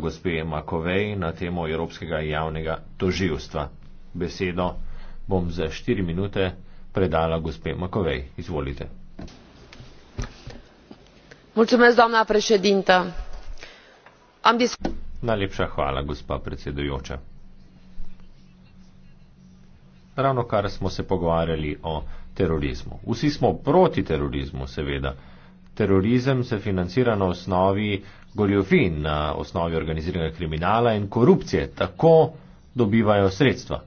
gospe Makovej na temo Evropskega javnega toživstva. Besedo bom za štiri minute predala gospe Makovej. Izvolite. Najlepša hvala, gospa predsedujoča. Ravno kar smo se pogovarjali o terorizmu. Vsi smo proti terorizmu, seveda. Terorizem se financira na osnovi uh, goljofij na osnovi organiziranega kriminala in korupcije, tako dobivajo sredstva.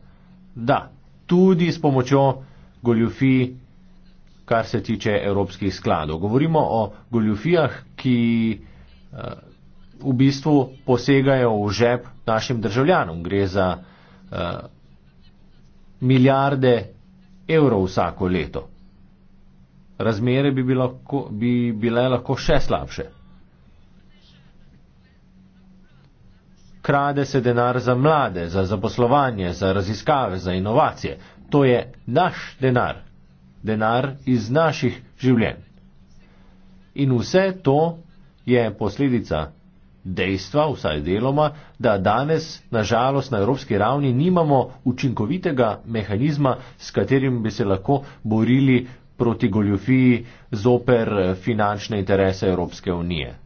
Da, tudi s pomočjo goljofij, kar se tiče evropskih skladov. Govorimo o goljofijah, ki eh, v bistvu posegajo v žep našim državljanom. Gre za eh, milijarde evrov vsako leto. Razmere bi, bilo, bi bile lahko še slabše. krade se denar za mlade, za zaposlovanje, za raziskave, za inovacije. To je naš denar, denar iz naših življenj. In vse to je posledica dejstva, vsaj deloma, da danes, nažalost, na evropski ravni nimamo učinkovitega mehanizma, s katerim bi se lahko borili proti goljufiji zoper finančne interese Evropske unije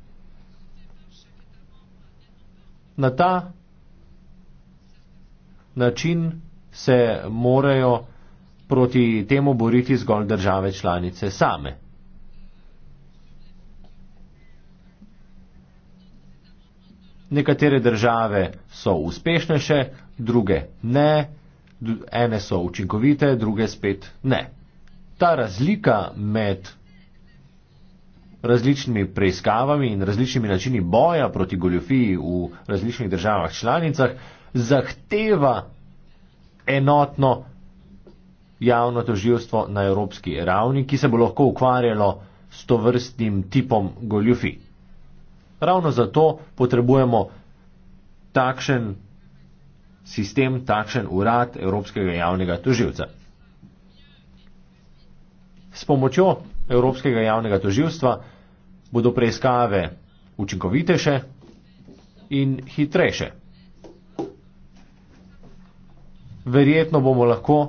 na ta način se morajo proti temu boriti zgolj države članice same. Nekatere države so uspešnejše, druge ne, ene so učinkovite, druge spet ne. Ta razlika med različnimi preiskavami in različnimi načini boja proti goljofiji v različnih državah članicah, zahteva enotno javno toživstvo na evropski ravni, ki se bo lahko ukvarjalo s to vrstnim tipom goljofi. Ravno zato potrebujemo takšen sistem, takšen urad evropskega javnega toživca. S pomočjo Evropskega javnega toživstva bodo preiskave učinkovitejše in hitrejše. Verjetno bomo lahko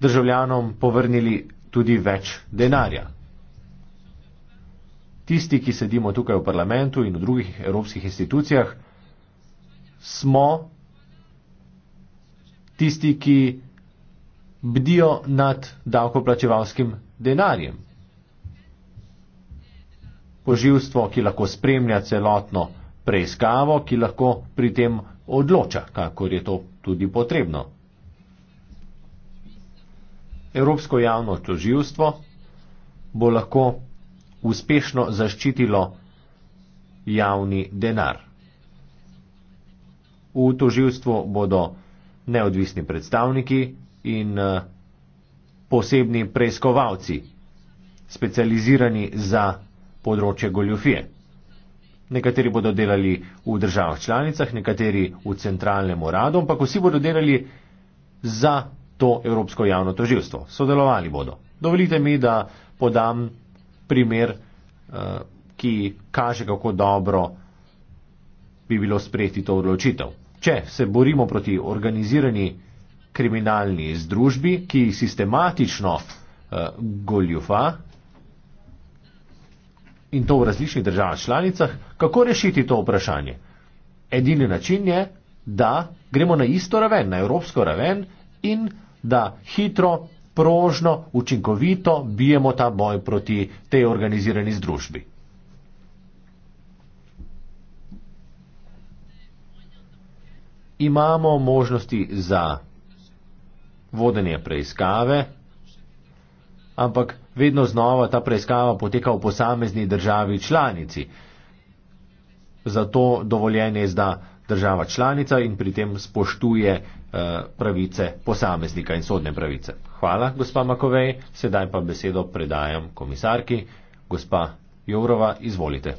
državljanom povrnili tudi več denarja. Tisti, ki sedimo tukaj v parlamentu in v drugih evropskih institucijah, smo tisti, ki bdijo nad davkoplačevalskim denarjem. Poživstvo, ki lahko spremlja celotno preiskavo, ki lahko pri tem odloča, kakor je to tudi potrebno. Evropsko javno toživstvo bo lahko uspešno zaščitilo javni denar. V toživstvu bodo neodvisni predstavniki in eh, posebni preiskovalci, specializirani za področje goljofije. Nekateri bodo delali v državah članicah, nekateri v centralnem uradu, ampak vsi bodo delali za to Evropsko javno toživstvo. Sodelovali bodo. Dovolite mi, da podam primer, eh, ki kaže, kako dobro bi bilo sprejeti to odločitev. Če se borimo proti organizirani kriminalni združbi, ki sistematično uh, goljufa in to v različnih državah članicah, kako rešiti to vprašanje? Edini način je, da gremo na isto raven, na evropsko raven in da hitro, prožno, učinkovito bijemo ta boj proti tej organizirani združbi. Imamo možnosti za vodenje preiskave, ampak vedno znova ta preiskava poteka v posamezni državi članici. Zato dovoljenje izda država članica in pri tem spoštuje eh, pravice posameznika in sodne pravice. Hvala, gospa Makovej. Sedaj pa besedo predajam komisarki. Gospa Jourova, izvolite.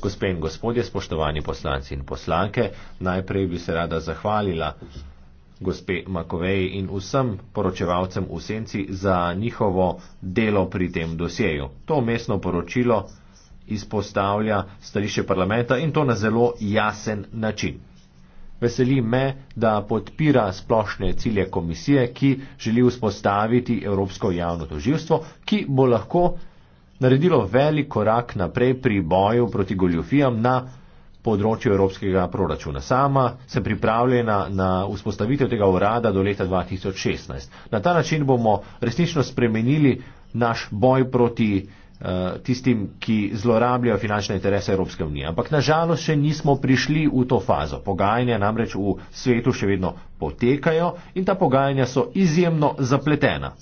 Gospe in gospodje, spoštovani poslanci in poslanke, najprej bi se rada zahvalila gospe Makovej in vsem poročevalcem v Senci za njihovo delo pri tem dosjeju. To mestno poročilo izpostavlja stališče parlamenta in to na zelo jasen način. Veseli me, da podpira splošne cilje komisije, ki želi vzpostaviti Evropsko javno toživstvo, ki bo lahko naredilo velik korak naprej pri boju proti goljofijam na področju evropskega proračuna. Sama sem pripravljena na vzpostavitev tega urada do leta 2016. Na ta način bomo resnično spremenili naš boj proti eh, tistim, ki zlorabljajo finančne interese Evropske unije. Ampak nažalost še nismo prišli v to fazo. Pogajanja namreč v svetu še vedno potekajo in ta pogajanja so izjemno zapletena.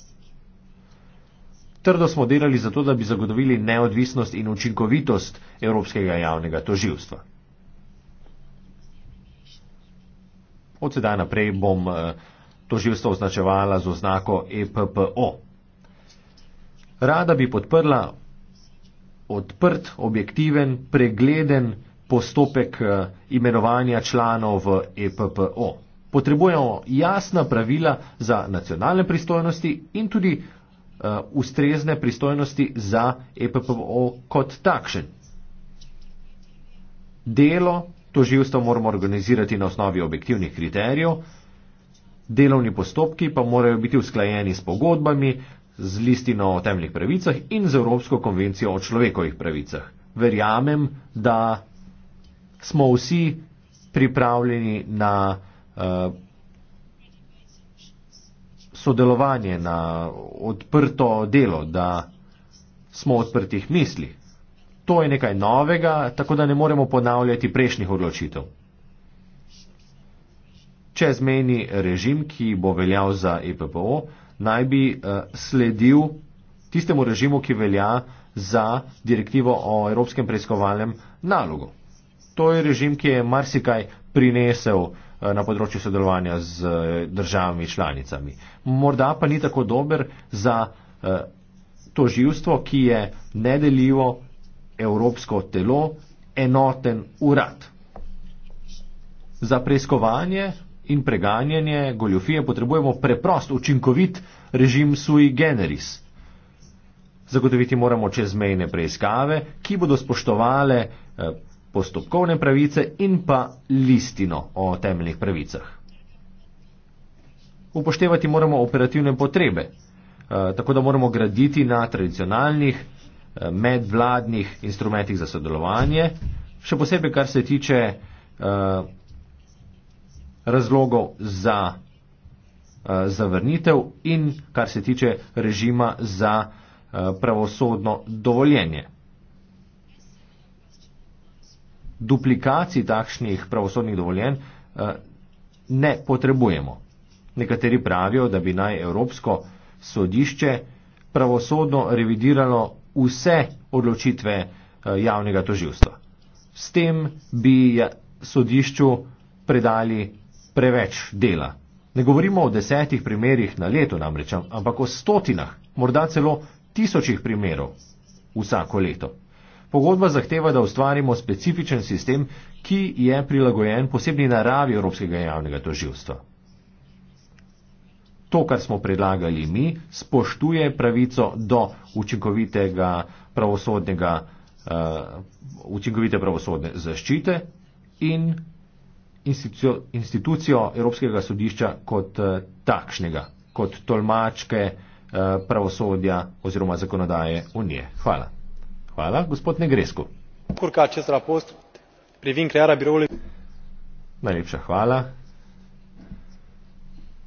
Trdo smo delali za to, da bi zagotovili neodvisnost in učinkovitost Evropskega javnega toživstva. Od sedaj naprej bom eh, toživstvo označevala z oznako EPPO. Rada bi podprla odprt, objektiven, pregleden postopek eh, imenovanja članov v EPPO. Potrebujemo jasna pravila za nacionalne pristojnosti in tudi uh, ustrezne pristojnosti za EPPO kot takšen. Delo toživstva moramo organizirati na osnovi objektivnih kriterijev, delovni postopki pa morajo biti usklajeni s pogodbami, z listino o temeljnih pravicah in z Evropsko konvencijo o človekovih pravicah. Verjamem, da smo vsi pripravljeni na uh, sodelovanje, na odprto delo, da smo odprtih misli. To je nekaj novega, tako da ne moremo ponavljati prejšnjih odločitev. Če zmeni režim, ki bo veljal za EPPO, naj bi eh, sledil tistemu režimu, ki velja za direktivo o Evropskem preiskovalnem nalogu. To je režim, ki je marsikaj prinesel. Eh, na področju sodelovanja z eh, državami članicami. Morda pa ni tako dober za eh, to živstvo, ki je nedeljivo evropsko telo, enoten urad. Za preiskovanje in preganjanje goljofije potrebujemo preprost, učinkovit režim sui generis. Zagotoviti moramo čezmejne preiskave, ki bodo spoštovale postopkovne pravice in pa listino o temeljnih pravicah. Upoštevati moramo operativne potrebe, eh, tako da moramo graditi na tradicionalnih eh, medvladnih instrumentih za sodelovanje, še posebej kar se tiče eh, razlogov za zavrnitev in kar se tiče režima za pravosodno dovoljenje duplikacij takšnih pravosodnih dovoljenj eh, ne potrebujemo. Nekateri pravijo, da bi naj Evropsko sodišče pravosodno revidiralo vse odločitve eh, javnega toživstva. S tem bi ja-, sodišču predali preveč dela. Ne govorimo o desetih primerjih na leto namreč, ampak o stotinah, morda celo tisočih primerov vsako leto. Pogodba zahteva, da ustvarimo specifičen sistem, ki je prilagojen posebni naravi Evropskega javnega toživstva. To, kar smo predlagali mi, spoštuje pravico do učinkovitega pravosodnega, uh, učinkovite pravosodne zaščite in institucijo, institucijo Evropskega sodišča kot uh, takšnega, kot tolmačke uh, pravosodja oziroma zakonodaje unije. Hvala. Hvala. Gospod Negresko. Kurka, če se rapost, privin kreara biroli. Najlepša hvala.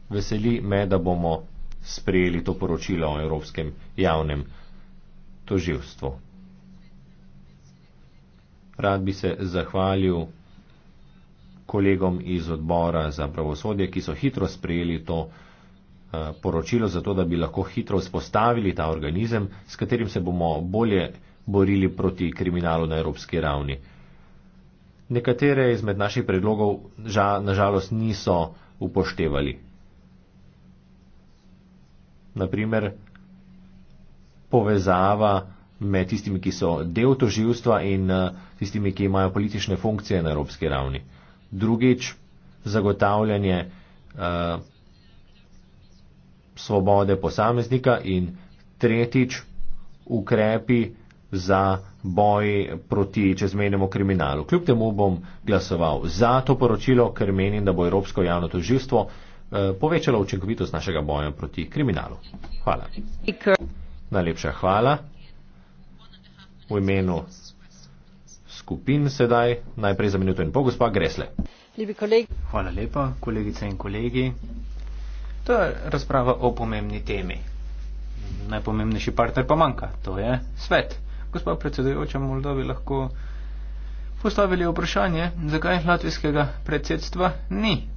Veseli me, da bomo sprejeli to poročilo o Evropskem javnem toživstvu. Rad bi se zahvalil kolegom iz odbora za pravosodje, ki so hitro sprejeli to eh, poročilo, zato da bi lahko hitro vzpostavili ta organizem, s katerim se bomo bolje borili proti kriminalu na evropski ravni. Nekatere izmed naših predlogov ža, nažalost niso upoštevali. Naprimer, povezava med tistimi, ki so del toživstva in eh, tistimi, ki imajo politične funkcije na evropski ravni. Drugič, zagotavljanje uh, svobode posameznika in tretjič, ukrepi, za boj proti čezmenjemu kriminalu. Kljub temu bom glasoval za to poročilo, ker menim, da bo Evropsko javno toživstvo eh, povečalo učinkovitost našega boja proti kriminalu. Hvala. Najlepša hvala. V imenu skupin sedaj, najprej za minuto in pol, gospa Gresle. Hvala lepa, kolegice in kolegi. To je razprava o pomembni temi. Najpomembnejši partner pa manjka, to je svet gospod predsedujoča Moldovi lahko postavili vprašanje, zakaj latvijskega predsedstva ni.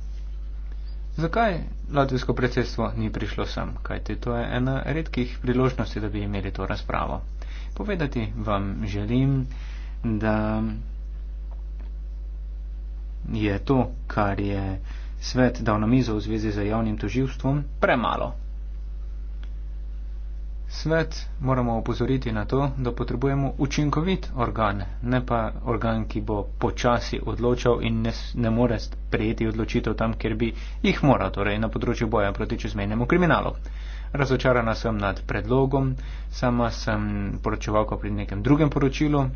Zakaj latvijsko predsedstvo ni prišlo sem, kajti to je ena redkih priložnosti, da bi imeli to razpravo. Povedati vam želim, da je to, kar je svet dal na mizo v zvezi z javnim toživstvom, premalo. Svet moramo opozoriti na to, da potrebujemo učinkovit organ, ne pa organ, ki bo počasi odločal in ne, ne more sprejeti odločitev tam, kjer bi jih moral, torej na področju boja proti čezmejnemu kriminalu. Razočarana sem nad predlogom, sama sem poročevalka pri nekem drugem poročilu.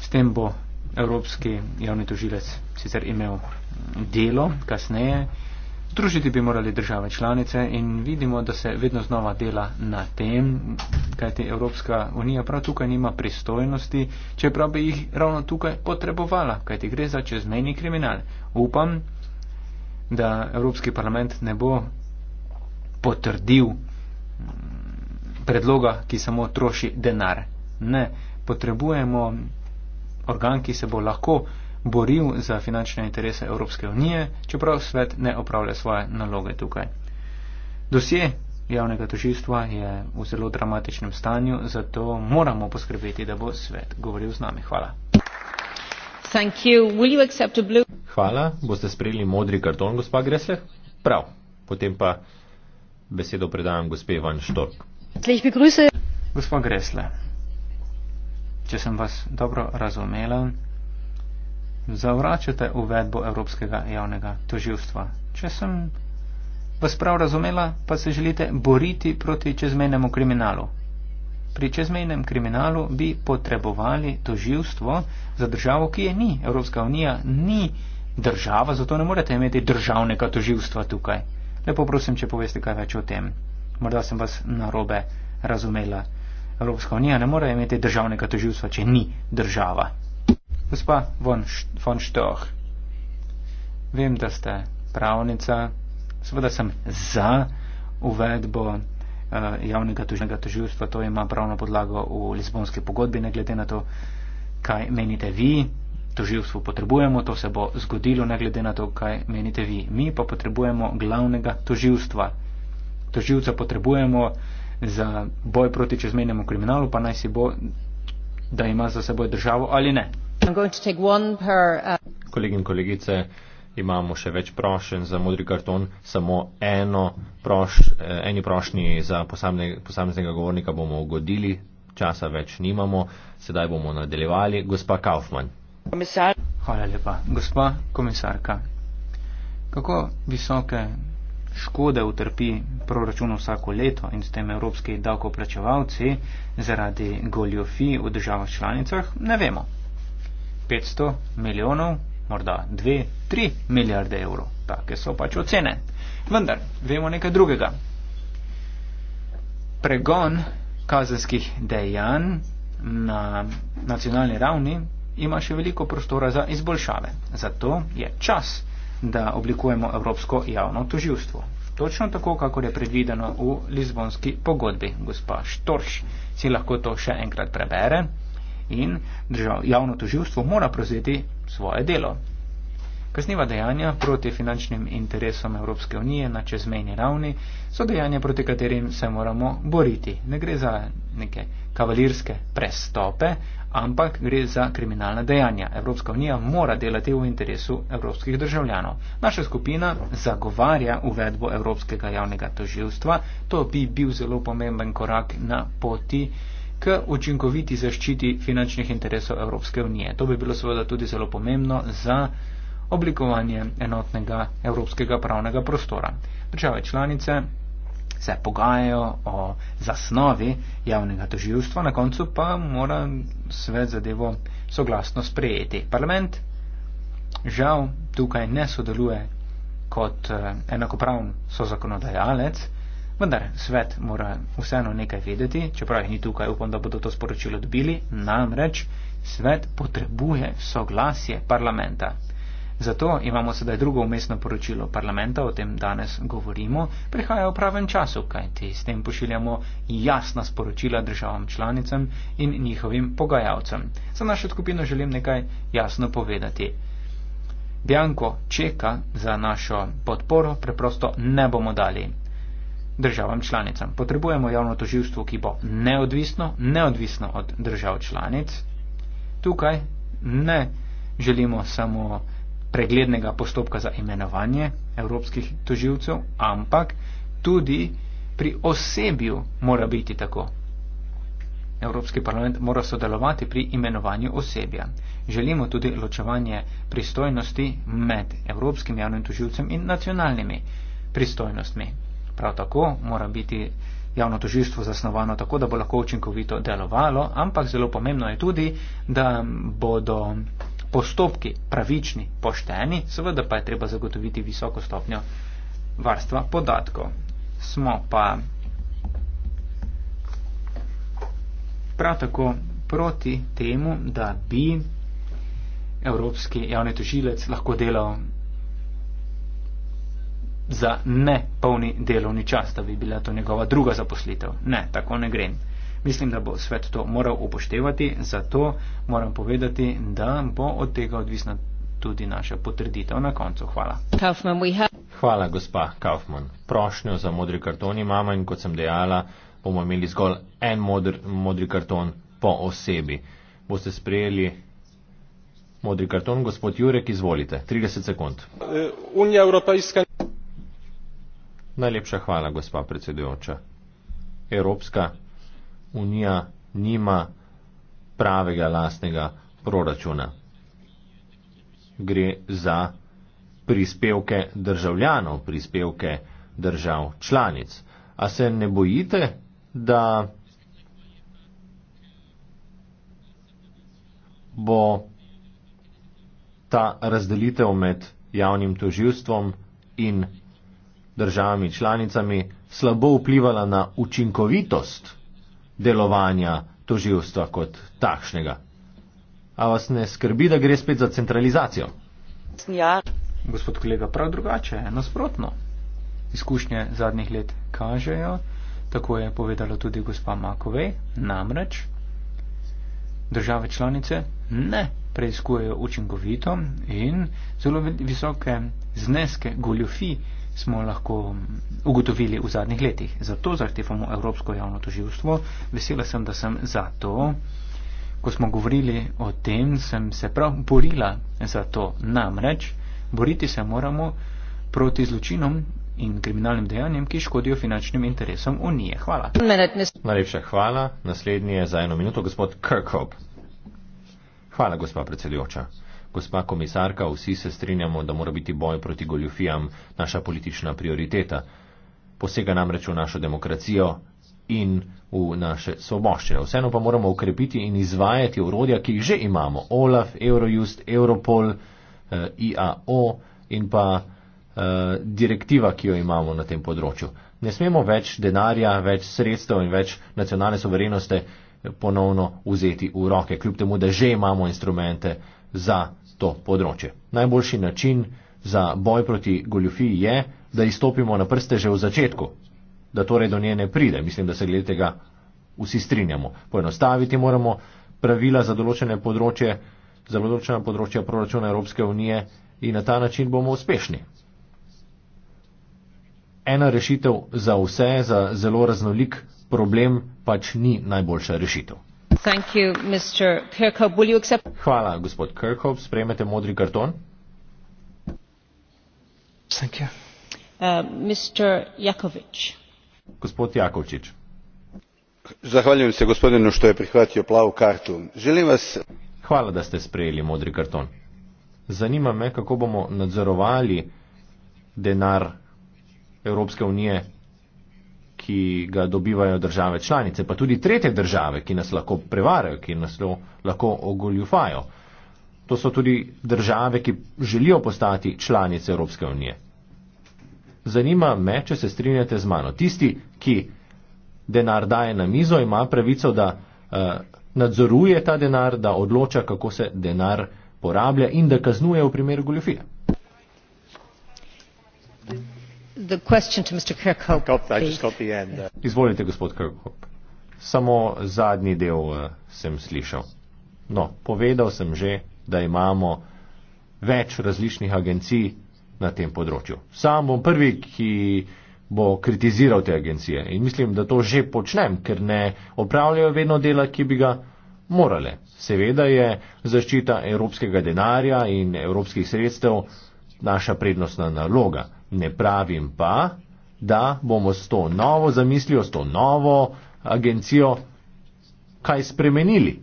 S tem bo Evropski javni tožilec sicer imel delo kasneje. Združiti bi morali države članice in vidimo, da se vedno znova dela na tem, kajti Evropska unija prav tukaj nima pristojnosti, čeprav bi jih ravno tukaj potrebovala, kajti gre za čezmejni kriminal. Upam, da Evropski parlament ne bo potrdil mm, predloga, ki samo troši denar. Ne, potrebujemo organ, ki se bo lahko boril za finančne interese Evropske unije, čeprav svet ne opravlja svoje naloge tukaj. Dosje javnega tožilstva je v zelo dramatičnem stanju, zato moramo poskrbeti, da bo svet govoril z nami. Hvala. Hvala. Boste sprejeli modri karton, gospa Gresle? Prav. Potem pa besedo predajam gospe Van Štork. Gospod Gresle, če sem vas dobro razumela, zavračate uvedbo Evropskega javnega toživstva. Če sem vas prav razumela, pa se želite boriti proti čezmejnemu kriminalu. Pri čezmejnem kriminalu bi potrebovali toživstvo za državo, ki je ni. Evropska unija ni država, zato ne morete imeti državnega toživstva tukaj. Lepo prosim, če poveste kaj več o tem. Morda sem vas narobe razumela. Evropska unija ne more imeti državnega toživstva, če ni država. Gospa von Stoch, vem, da ste pravnica, seveda sem za uvedbo uh, javnega tužnega tožilstva, to ima pravno podlago v Lizbonski pogodbi, ne glede na to, kaj menite vi, tožilstvo potrebujemo, to se bo zgodilo, ne glede na to, kaj menite vi. Mi pa potrebujemo glavnega tožilstva. Tožilca potrebujemo za boj proti čezmenjemu kriminalu, pa naj si bo, da ima za seboj državo ali ne. Uh, Kolegi in kolegice, imamo še več prošen za modri karton, samo eno proš, eh, eni prošnji za posamne, posameznega govornika bomo ugodili, časa več nimamo, sedaj bomo nadaljevali. Gospa Kaufmann. Komisar. Hvala lepa. Gospa komisarka, kako visoke škode utrpi proračun vsako leto in s tem evropski davkoplačevalci zaradi goljofi v državah članicah, ne vemo. 500 milijonov, morda 2, 3 milijarde evrov. Take so pač ocene. Vendar, vemo nekaj drugega. Pregon kazenskih dejanj na nacionalni ravni ima še veliko prostora za izboljšave. Zato je čas, da oblikujemo Evropsko javno toživstvo. Točno tako, kako je predvideno v Lizbonski pogodbi. Gospa Štorš si lahko to še enkrat prebere in držav, javno toživstvo mora prevzeti svoje delo. Kazniva dejanja proti finančnim interesom Evropske unije na čezmejni ravni so dejanja, proti katerim se moramo boriti. Ne gre za neke kavalirske prestope, ampak gre za kriminalna dejanja. Evropska unija mora delati v interesu evropskih državljanov. Naša skupina zagovarja uvedbo Evropskega javnega toživstva. To bi bil zelo pomemben korak na poti učinkoviti zaščiti finančnih interesov Evropske unije. To bi bilo seveda tudi zelo pomembno za oblikovanje enotnega evropskega pravnega prostora. Države članice se pogajajo o zasnovi javnega toživstva, na koncu pa mora svet zadevo soglasno sprejeti. Parlament žal tukaj ne sodeluje kot eh, enakopravn sozakonodajalec, Vendar svet mora vseeno nekaj vedeti, čeprav jih ni tukaj, upam, da bodo to sporočilo dobili, namreč svet potrebuje soglasje parlamenta. Zato imamo sedaj drugo umestno poročilo parlamenta, o tem danes govorimo, prihaja v pravem času, kajti s tem pošiljamo jasna sporočila državam članicam in njihovim pogajalcem. Za našo skupino želim nekaj jasno povedati. Bjanko čeka za našo podporo preprosto ne bomo dali državam članicam. Potrebujemo javno toživstvo, ki bo neodvisno, neodvisno od držav članic. Tukaj ne želimo samo preglednega postopka za imenovanje evropskih toživcev, ampak tudi pri osebju mora biti tako. Evropski parlament mora sodelovati pri imenovanju osebja. Želimo tudi ločevanje pristojnosti med Evropskim javnim toživcem in nacionalnimi pristojnostmi. Prav tako mora biti javno tožilstvo zasnovano tako, da bo lahko učinkovito delovalo, ampak zelo pomembno je tudi, da bodo postopki pravični, pošteni, seveda pa je treba zagotoviti visoko stopnjo varstva podatkov. Smo pa prav tako proti temu, da bi Evropski javni tožilec lahko delal za nepolni delovni čas, da bi bila to njegova druga zaposlitev. Ne, tako ne grem. Mislim, da bo svet to moral upoštevati, zato moram povedati, da bo od tega odvisna tudi naša potrditev na koncu. Hvala. Kaufman, have... Hvala, gospa Kaufman. Prošnjo za modri karton imamo in kot sem dejala, bomo imeli zgolj en modr, modri karton po osebi. Boste sprejeli. Modri karton, gospod Jurek, izvolite. 30 sekund. Unija Evropejska. Najlepša hvala, gospa predsedujoča. Evropska unija nima pravega lastnega proračuna. Gre za prispevke državljanov, prispevke držav članic. A se ne bojite, da bo ta razdelitev med javnim toživstvom in državami članicami slabo vplivala na učinkovitost delovanja toživstva kot takšnega. A vas ne skrbi, da gre spet za centralizacijo? Ja. Gospod kolega, prav drugače, nasprotno. Izkušnje zadnjih let kažejo, tako je povedala tudi gospa Makovej, namreč države članice ne preizkujejo učinkovito in zelo visoke zneske goljofi smo lahko ugotovili v zadnjih letih. Zato zahtevamo Evropsko javno toživstvo. Vesela sem, da sem za to. Ko smo govorili o tem, sem se prav borila za to. Namreč, boriti se moramo proti zločinom in kriminalnim dejanjem, ki škodijo finančnim interesom Unije. Hvala. Najlepša hvala. Naslednji je za eno minuto gospod Kirkhope. Hvala, gospod predsedujoča gospa komisarka, vsi se strinjamo, da mora biti boj proti goljufijam naša politična prioriteta. Posega namreč v našo demokracijo in v naše svoboščine. Vseeno pa moramo ukrepiti in izvajati urodja, ki jih že imamo. OLAF, Eurojust, Europol, eh, IAO in pa eh, direktiva, ki jo imamo na tem področju. Ne smemo več denarja, več sredstev in več nacionalne soverenosti ponovno vzeti v roke, kljub temu, da že imamo instrumente za to področje. Najboljši način za boj proti goljufiji je, da izstopimo na prste že v začetku, da torej do nje ne pride. Mislim, da se glede tega vsi strinjamo. Poenostaviti moramo pravila za določene področje, za določena področja proračuna Evropske unije in na ta način bomo uspešni. Ena rešitev za vse, za zelo raznolik problem pač ni najboljša rešitev. Thank you, Mr. Kirchhoff. Will you accept Hvala, gospod Kirchhoff. Sprejmete modri karton? Thank you. Uh, Mr. Jakovic. Gospod Jakovčić. Zahvaljujem se gospodinu što je prihvatio plavu kartu. Želim vas... Hvala da ste sprejeli modri karton. Zanima me kako bomo nadzorovali denar Evropske unije ki ga dobivajo države članice, pa tudi tretje države, ki nas lahko prevarajo, ki nas lahko ogoljufajo. To so tudi države, ki želijo postati članice Evropske unije. Zanima me, če se strinjate z mano. Tisti, ki denar daje na mizo, ima pravico, da uh, nadzoruje ta denar, da odloča, kako se denar porablja in da kaznuje v primeru goljofije. Uh. Izvolite, gospod Kirkhope. Samo zadnji del uh, sem slišal. No, povedal sem že, da imamo več različnih agencij na tem področju. Sam bom prvi, ki bo kritiziral te agencije. In mislim, da to že počnem, ker ne opravljajo vedno dela, ki bi ga morale. Seveda je zaščita evropskega denarja in evropskih sredstev naša prednostna naloga. Ne pravim pa, da bomo s to novo zamislijo, s to novo agencijo kaj spremenili,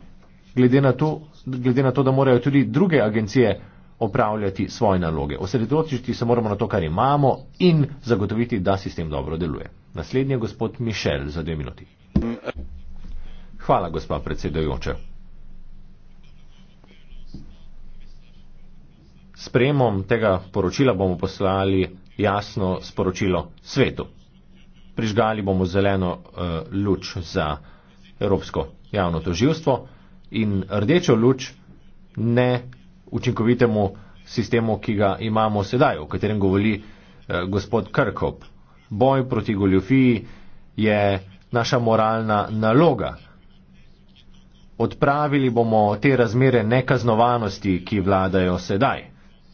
glede na to, glede na to da morajo tudi druge agencije opravljati svoje naloge. Osredotočiti se moramo na to, kar imamo in zagotoviti, da sistem dobro deluje. Naslednji je gospod Mišel za dve minuti. Hvala, gospa predsedujoča. Spremom tega poročila bomo poslali jasno sporočilo svetu. Prižgali bomo zeleno uh, luč za Evropsko javno toživstvo in rdečo luč ne učinkovitemu sistemu, ki ga imamo sedaj, o katerem govori uh, gospod Krkop. Boj proti goljofiji je naša moralna naloga. Odpravili bomo te razmere nekaznovanosti, ki vladajo sedaj.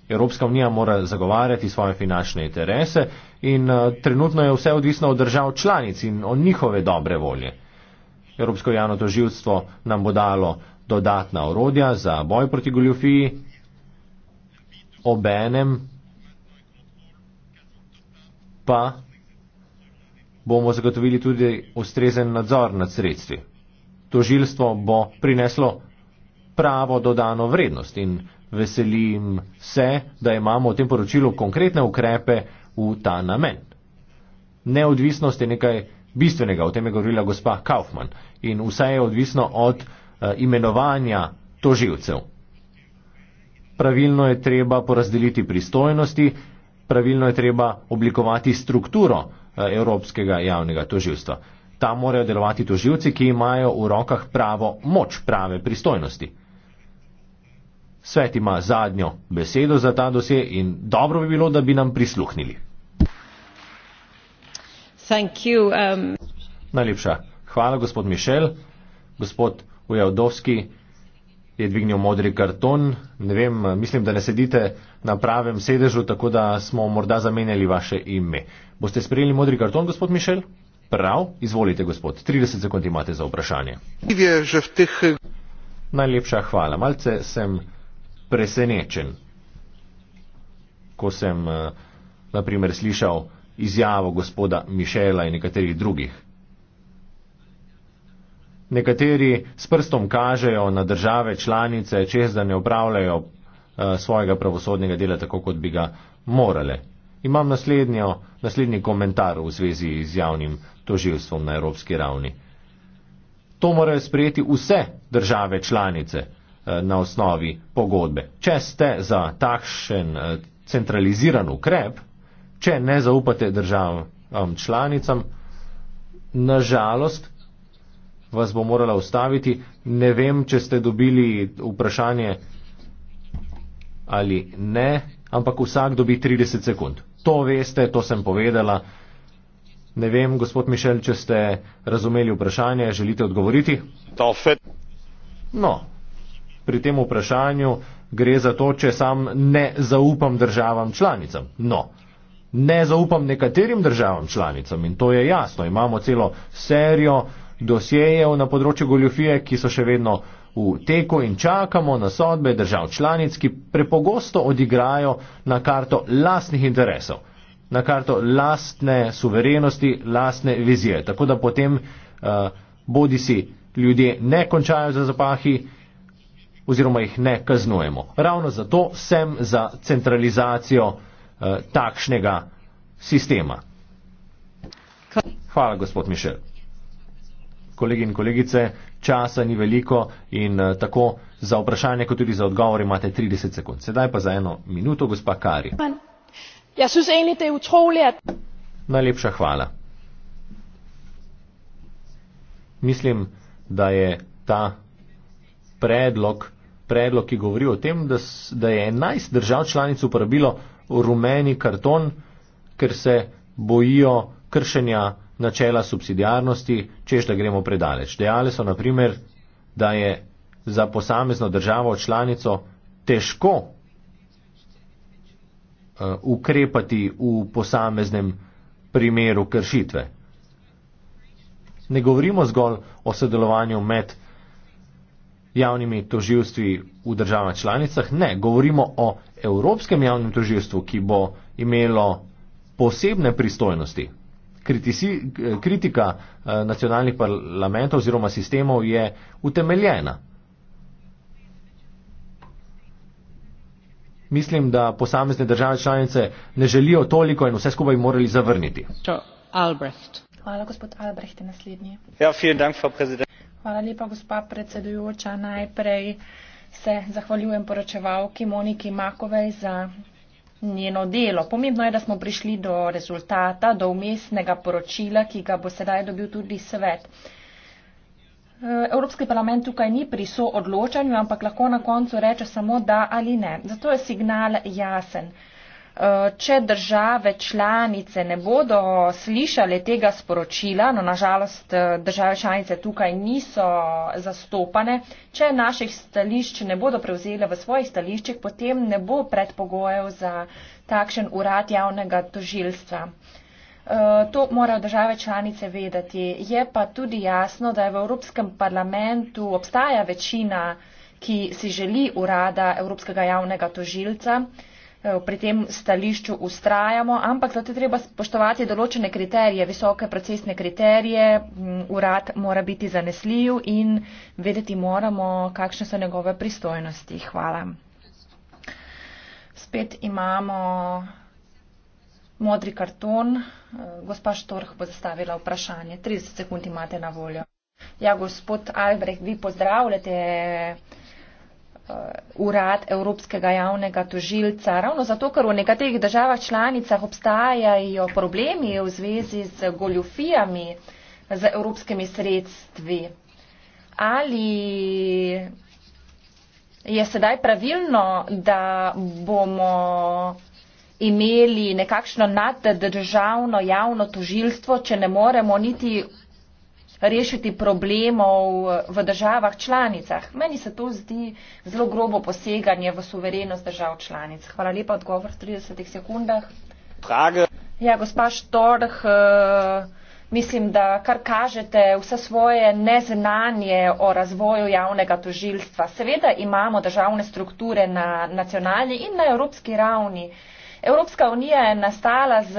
Evropska unija mora zagovarjati svoje finančne interese in eh, trenutno je vse odvisno od držav članic in od njihove dobre volje. Evropsko javno toživstvo nam bo dalo dodatna orodja za boj proti goljofiji, obenem pa bomo zagotovili tudi ustrezen nadzor nad sredstvi. Toživstvo bo prineslo pravo dodano vrednost in veselim se, da imamo v tem poročilu konkretne ukrepe v ta namen. Neodvisnost je nekaj bistvenega, o tem je govorila gospa Kaufmann in vse je odvisno od uh, imenovanja toživcev. Pravilno je treba porazdeliti pristojnosti, pravilno je treba oblikovati strukturo uh, Evropskega javnega toživstva. Tam morajo delovati toživci, ki imajo v rokah pravo moč, prave pristojnosti. Svet ima zadnjo besedo za ta dosje in dobro bi bilo, da bi nam prisluhnili. You, um... Najlepša hvala, gospod Mišel. Gospod Ujavdovski je dvignil modri karton. Ne vem, mislim, da ne sedite na pravem sedežu, tako da smo morda zamenjali vaše ime. Boste sprejeli modri karton, gospod Mišel? Prav, izvolite, gospod. 30 sekund imate za vprašanje. Najlepša hvala. Malce sem presenečen. Ko sem eh, naprimer slišal izjavo gospoda Mišela in nekaterih drugih. Nekateri s prstom kažejo na države članice, čez da ne upravljajo eh, svojega pravosodnega dela tako, kot bi ga morale. Imam naslednjo, naslednji komentar v zvezi z javnim toživstvom na evropski ravni. To morajo sprejeti vse države članice. Eh, na osnovi pogodbe. Če ste za takšen eh, centraliziran ukrep, če ne zaupate državam članicam, nažalost vas bo morala ustaviti. Ne vem, če ste dobili vprašanje ali ne, ampak vsak dobi 30 sekund. To veste, to sem povedala. Ne vem, gospod Mišel, če ste razumeli vprašanje, želite odgovoriti? No, pri tem vprašanju gre za to, če sam ne zaupam državam članicam. No, ne zaupam nekaterim državam članicam in to je jasno. Imamo celo serijo dosjejev na področju goljofije, ki so še vedno v teku in čakamo na sodbe držav članic, ki prepogosto odigrajo na karto lastnih interesov, na karto lastne suverenosti, lastne vizije. Tako da potem uh, eh, bodi si ljudje ne končajo za zapahi, uh, oziroma jih ne kaznujemo. Ravno zato sem za centralizacijo eh, takšnega sistema. Hvala, gospod Mišel. Kolegi in kolegice, časa ni veliko in eh, tako za vprašanje, kot tudi za odgovor imate 30 sekund. Sedaj pa za eno minuto, gospa Kari. Er Najlepša hvala. Mislim, da je ta predlog predlog, ki govori o tem, da, da je 11 držav članic uporabilo rumeni karton, ker se bojijo kršenja načela subsidijarnosti, čež da gremo predaleč. Dejale so naprimer, da je za posamezno državo članico težko uh, ukrepati v posameznem primeru kršitve. Ne govorimo zgolj o sodelovanju med državami, javnimi toživstvi v državah članicah. Ne, govorimo o Evropskem javnem toživstvu, ki bo imelo posebne pristojnosti. Kritisi, kritika eh, nacionalnih parlamentov oziroma sistemov je utemeljena. Mislim, da posamezne države članice ne želijo toliko in vse skupaj bi morali zavrniti. Hvala, gospod Albrecht. Naslednji. Ja, dank, Hvala lepa, gospa predsedujoča. Najprej se zahvaljujem poročevalki Moniki Makovej za njeno delo. Pomembno je, da smo prišli do rezultata, do umestnega poročila, ki ga bo sedaj dobil tudi svet. Evropski parlament tukaj ni pri soodločanju, ampak lahko na koncu reče samo da ali ne. Zato je signal jasen. Eh, če države članice ne bodo slišale tega sporočila, no nažalost eh, države članice tukaj niso zastopane, če naših stališč ne bodo prevzele v svojih stališčih, potem ne bo predpogojev za takšen urad javnega tožilstva. Eh, to morajo države članice vedeti. Je pa tudi jasno, da je v Evropskem parlamentu obstaja večina, ki si želi urada Evropskega javnega tožilca. Eh, pri tem stališču ustrajamo, ampak zato je treba spoštovati določene kriterije, visoke procesne kriterije, urad mora biti zanesljiv in vedeti moramo, kakšne so njegove pristojnosti. Hvala. Spet imamo modri karton. Eh, gospa Štorh bo zastavila vprašanje. 30 sekund imate na voljo. Ja, gospod Albrecht, vi pozdravljate Eh, urad Evropskega javnega tožilca, ravno zato, ker v nekaterih državah članicah obstajajo problemi v zvezi z goljufijami, z evropskimi sredstvi. Ali je sedaj pravilno, da bomo imeli nekakšno naddržavno javno tožilstvo, če ne moremo niti rešiti problemov eh, v državah članicah. Meni se to zdi zelo grobo poseganje v suverenost držav članic. Hvala lepa, odgovor v 30 sekundah. Prage. Ja, gospa Štorh, eh, mislim, da kar kažete vse svoje neznanje o razvoju javnega tožilstva. Seveda imamo državne strukture na nacionalni in na evropski ravni. Evropska unija je nastala z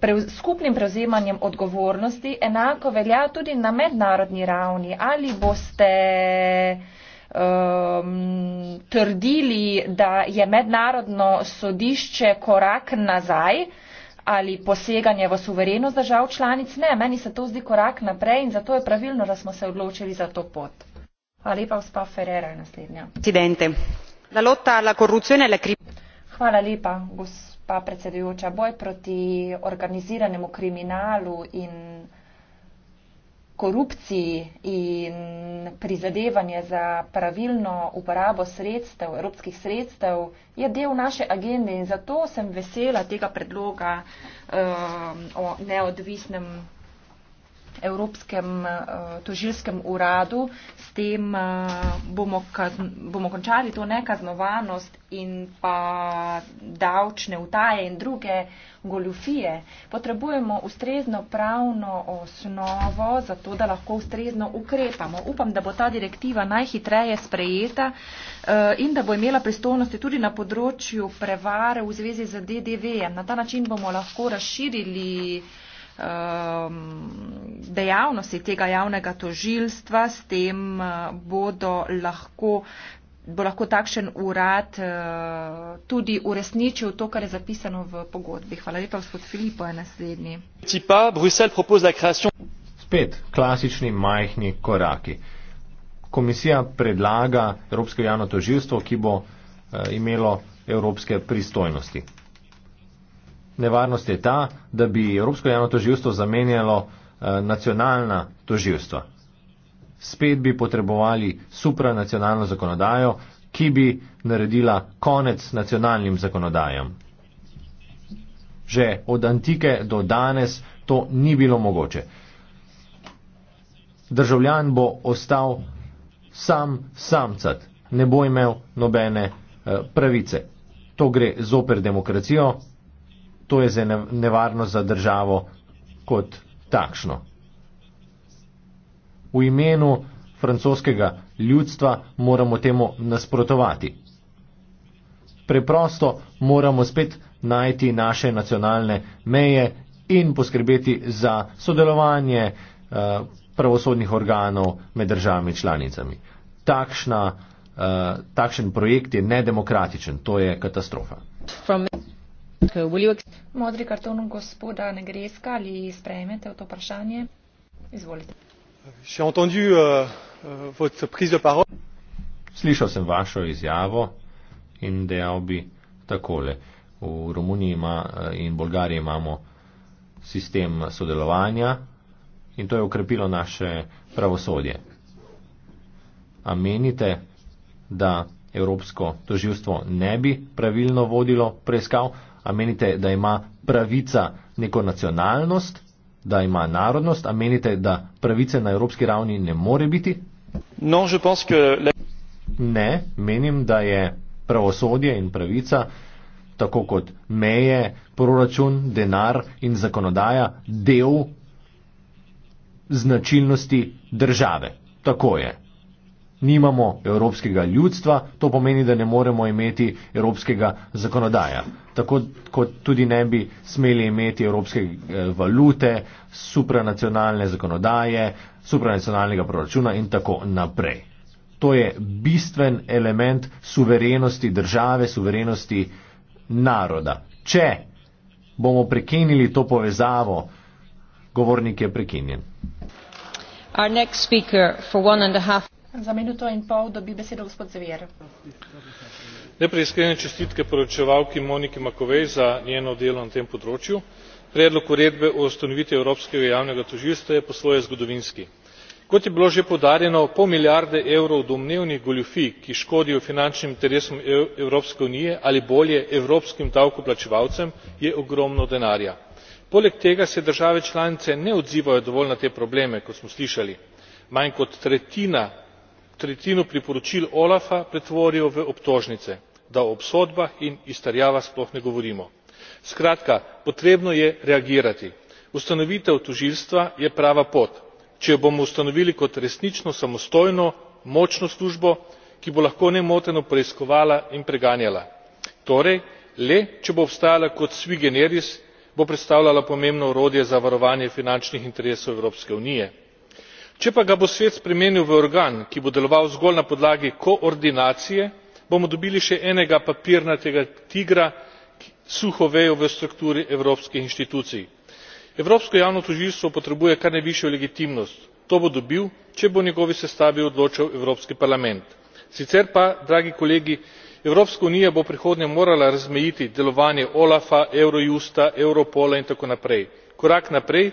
prev, skupnim prevzemanjem odgovornosti, enako velja tudi na mednarodni ravni. Ali boste um, trdili, da je mednarodno sodišče korak nazaj ali poseganje v suverenost držav članic? Ne, meni se to zdi korak naprej in zato je pravilno, da smo se odločili za to pot. Hvala lepa, gospa Ferrera je naslednja. E Hvala lepa, gospod pa predsedujoča boj proti organiziranemu kriminalu in korupciji in prizadevanje za pravilno uporabo sredstev, evropskih sredstev, je del naše agende in zato sem vesela tega predloga um, o neodvisnem Evropskem eh, tožilskem uradu, s tem eh, bomo, kazn, bomo končali to nekaznovanost in pa davčne utaje in druge goljufije. Potrebujemo ustrezno pravno osnovo za to, da lahko ustrezno ukrepamo. Upam, da bo ta direktiva najhitreje sprejeta eh, in da bo imela pristojnosti tudi na področju prevare v zvezi z DDV. -em. Na ta način bomo lahko razširili Um, dejavnosti tega javnega tožilstva, s tem uh, bodo lahko bo lahko takšen urad uh, tudi uresničil to, kar je zapisano v pogodbi. Hvala lepa, gospod Filipo je naslednji. Spet klasični majhni koraki. Komisija predlaga Evropsko javno toživstvo, ki bo uh, imelo evropske pristojnosti nevarnost je ta, da bi Evropsko javno toživstvo zamenjalo eh, nacionalna toživstva. Spet bi potrebovali supranacionalno zakonodajo, ki bi naredila konec nacionalnim zakonodajam. Že od antike do danes to ni bilo mogoče. Državljan bo ostal sam samcat, ne bo imel nobene eh, pravice. To gre zoper demokracijo, to je zdaj nevarnost za državo kot takšno. V imenu francoskega ljudstva moramo temu nasprotovati. Preprosto moramo spet najti naše nacionalne meje in poskrbeti za sodelovanje eh, pravosodnih organov med državami članicami. Takšna, eh, takšen projekt je nedemokratičen, to je katastrofa. From Modri karton gospoda Negreska, ali sprejmete to vprašanje? Izvolite. Euh, euh, Slišal sem vašo izjavo in dejal bi takole. V Romuniji ima eh, in Bolgariji imamo sistem sodelovanja in to je ukrepilo naše pravosodje. A menite, da Evropsko toživstvo ne bi pravilno vodilo preiskav? a menite, da ima pravica neko nacionalnost, da ima narodnost, a menite, da pravice na evropski ravni ne more biti? Non, que... Ne, menim, da je pravosodje in pravica, tako kot meje, proračun, denar in zakonodaja, del značilnosti države. Tako je nimamo evropskega ljudstva, to pomeni, da ne moremo imeti evropskega zakonodaja. Tako kot tudi ne bi smeli imeti evropske eh, valute, supranacionalne zakonodaje, supranacionalnega proračuna in tako naprej. To je bistven element suverenosti države, suverenosti naroda. Če bomo prekinili to povezavo, govornik je prekinjen. Our next speaker for one and a half. Za minuto in pol dobi besedo gospod Zver. Najprej iskrene čestitke poročevalki Moniki Makovej za njeno delo na tem področju. Predlog uredbe o ustanovitvi Evropskega javnega tožilstva je po svoje zgodovinski. Kot je bilo že podarjeno, pol milijarde evrov domnevnih goljufij, ki škodijo finančnim interesom e-, Evropske unije ali bolje evropskim davkoplačevalcem, je ogromno denarja. Poleg tega se države članice ne odzivajo dovolj na te probleme, kot smo slišali. Manj kot tretjina tretjino priporočil olafa pretvorijo v obtožnice da o obsodbah in izterjavah sploh ne govorimo. skratka potrebno je reagirati. ustanovitev tožilstva je prava pot če jo bomo ustanovili kot resnično samostojno močno službo ki bo lahko nemoteno preiskovala in preganjala. torej le če bo obstajala kot sui generis bo predstavljala pomembno orodje za varovanje finančnih interesov evropske unije če pa ga bo svet spremenil v organ ki bo deloval zgolj na podlagi koordinacije bomo dobili še enega papirnatega tigra suho vejo v strukturi evropskih inštitucij. evropsko javno tožilstvo potrebuje kar najvišjo legitimnost to bo dobil če bo o njegovi sestavi odločal evropski parlament sicer pa dragi kolegi evropska unija bo v prihodnje morala razmejiti delovanje olaf a eurojusta europola in tako naprej. korak naprej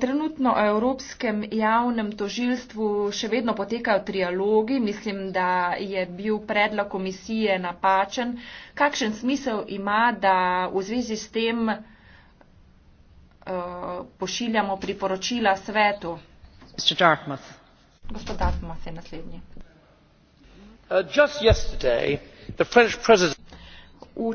Trenutno v Evropskem javnem tožilstvu še vedno potekajo trialogi. Mislim, da je bil predlog komisije napačen. Kakšen smisel ima, da v zvezi s tem uh, pošiljamo priporočila svetu? Gospod Dartmouth je naslednji. Uh,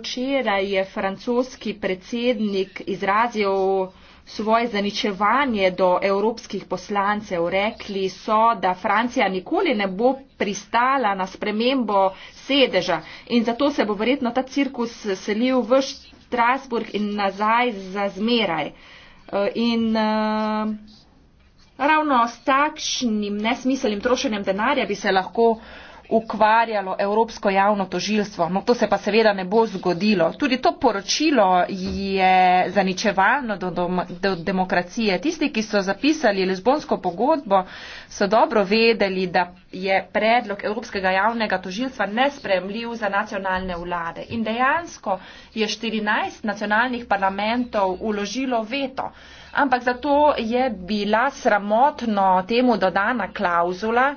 Včeraj je francoski predsednik izrazil svoje zaničevanje do evropskih poslancev. Rekli so, da Francija nikoli ne bo pristala na spremembo sedeža in zato se bo verjetno ta cirkus selil v Strasburg in nazaj za zmeraj. Eh, in eh, ravno s takšnim nesmiselnim trošenjem denarja bi se lahko ukvarjalo Evropsko javno tožilstvo. No, to se pa seveda ne bo zgodilo. Tudi to poročilo je zaničevalno do, dom, do demokracije. Tisti, ki so zapisali Lizbonsko pogodbo, so dobro vedeli, da je predlog Evropskega javnega tožilstva nespremljiv za nacionalne vlade. In dejansko je 14 nacionalnih parlamentov uložilo veto. Ampak zato je bila sramotno temu dodana klauzula,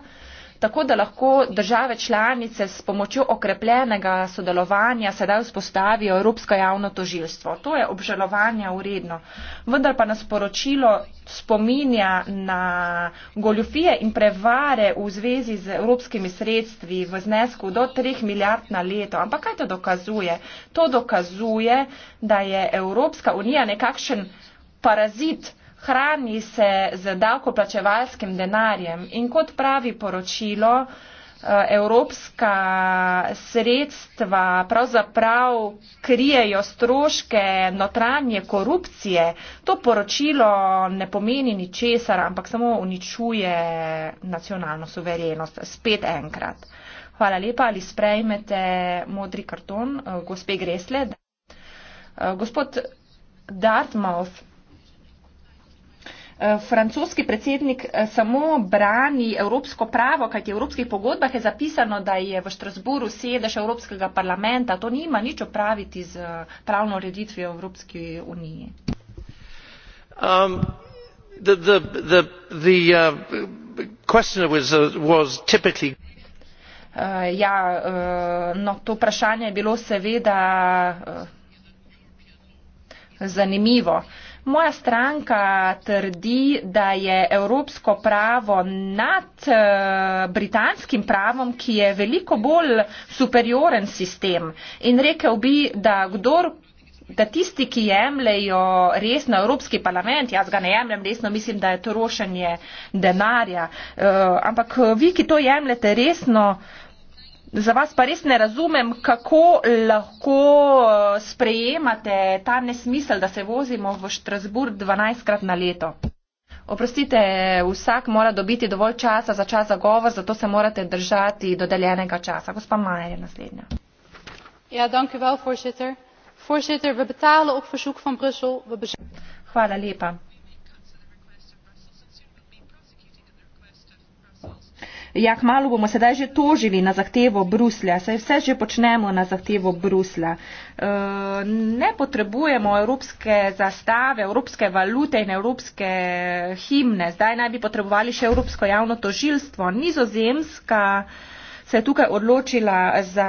tako da lahko države članice s pomočjo okrepljenega sodelovanja sedaj vzpostavijo Evropsko javno tožilstvo. To je obžalovanje uredno. Vendar pa nas poročilo spominja na goljufije in prevare v zvezi z evropskimi sredstvi v znesku do 3 milijard na leto. Ampak kaj to dokazuje? To dokazuje, da je Evropska unija nekakšen parazit hrani se z davkoplačevalskim denarjem in kot pravi poročilo, eh, evropska sredstva pravzaprav krijejo stroške notranje korupcije. To poročilo ne pomeni ničesar, ampak samo uničuje nacionalno suverenost. Spet enkrat. Hvala lepa, ali sprejmete modri karton, eh, gospe Gresle. Eh, gospod Dartmouth, Eh, francoski predsednik eh, samo brani evropsko pravo, kajti v evropskih pogodbah je zapisano, da je v Štrasburu sedež Evropskega parlamenta. To nima nič opraviti z eh, pravno ureditvijo Evropske unije. Um, the, the, the, the, uh, Was, uh, was typically... uh, ja, uh, no, to vprašanje je bilo seveda uh, zanimivo. Uh, Moja stranka trdi, da je evropsko pravo nad eh, britanskim pravom, ki je veliko bolj superioren sistem. In rekel bi, da kdor da tisti, ki jemljajo resno Evropski parlament, jaz ga ne jemljem resno, mislim, da je to rošenje denarja, uh, ampak eh, vi, ki to jemljete resno, uh, Za vas pa res ne razumem, kako lahko eh, sprejemate ta nesmisel, da se vozimo v Štrasburg 12 krat na leto. Oprostite, vsak mora dobiti dovolj časa za čas za govor, zato se morate držati dodeljenega časa. Gospa Maja je naslednja. Ja, danke vel, foršiter. Foršiter, v betale ob vršuk van Brusel. Hvala lepa. ja, hmalo bomo sedaj že tožili na zahtevo Bruslja, saj vse že počnemo na zahtevo Bruslja. Eh, ne potrebujemo evropske zastave, evropske valute in evropske himne. Zdaj naj bi potrebovali še evropsko javno tožilstvo. Nizozemska se je tukaj odločila za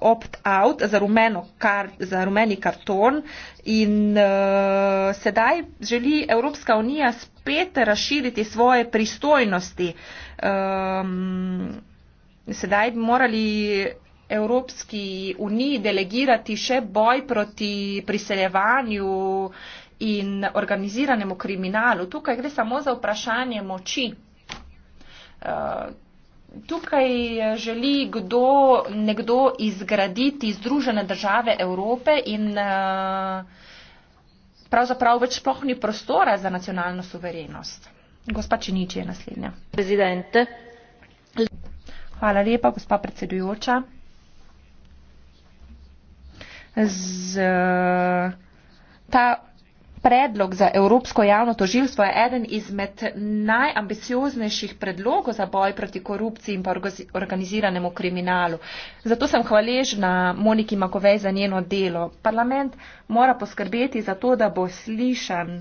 opt-out, za, kar, za rumeni karton in uh, sedaj želi Evropska unija spet razširiti svoje pristojnosti. Um, sedaj bi morali Evropski uniji delegirati še boj proti priseljevanju in organiziranemu kriminalu. Tukaj gre samo za vprašanje moči. Uh, Tukaj eh, želi kdo, nekdo izgraditi Združene države Evrope in eh, pravzaprav več sploh ni prostora za nacionalno suverenost. Gospa Činiči je naslednja. Prezidente. Hvala lepa, gospa predsedujoča. Z, ta predlog za Evropsko javno toživstvo je eden izmed najambicioznejših predlogov za boj proti korupciji in pa organiziranemu kriminalu. Zato sem hvaležna Moniki Makovej za njeno delo. Parlament mora poskrbeti za to, da bo slišan.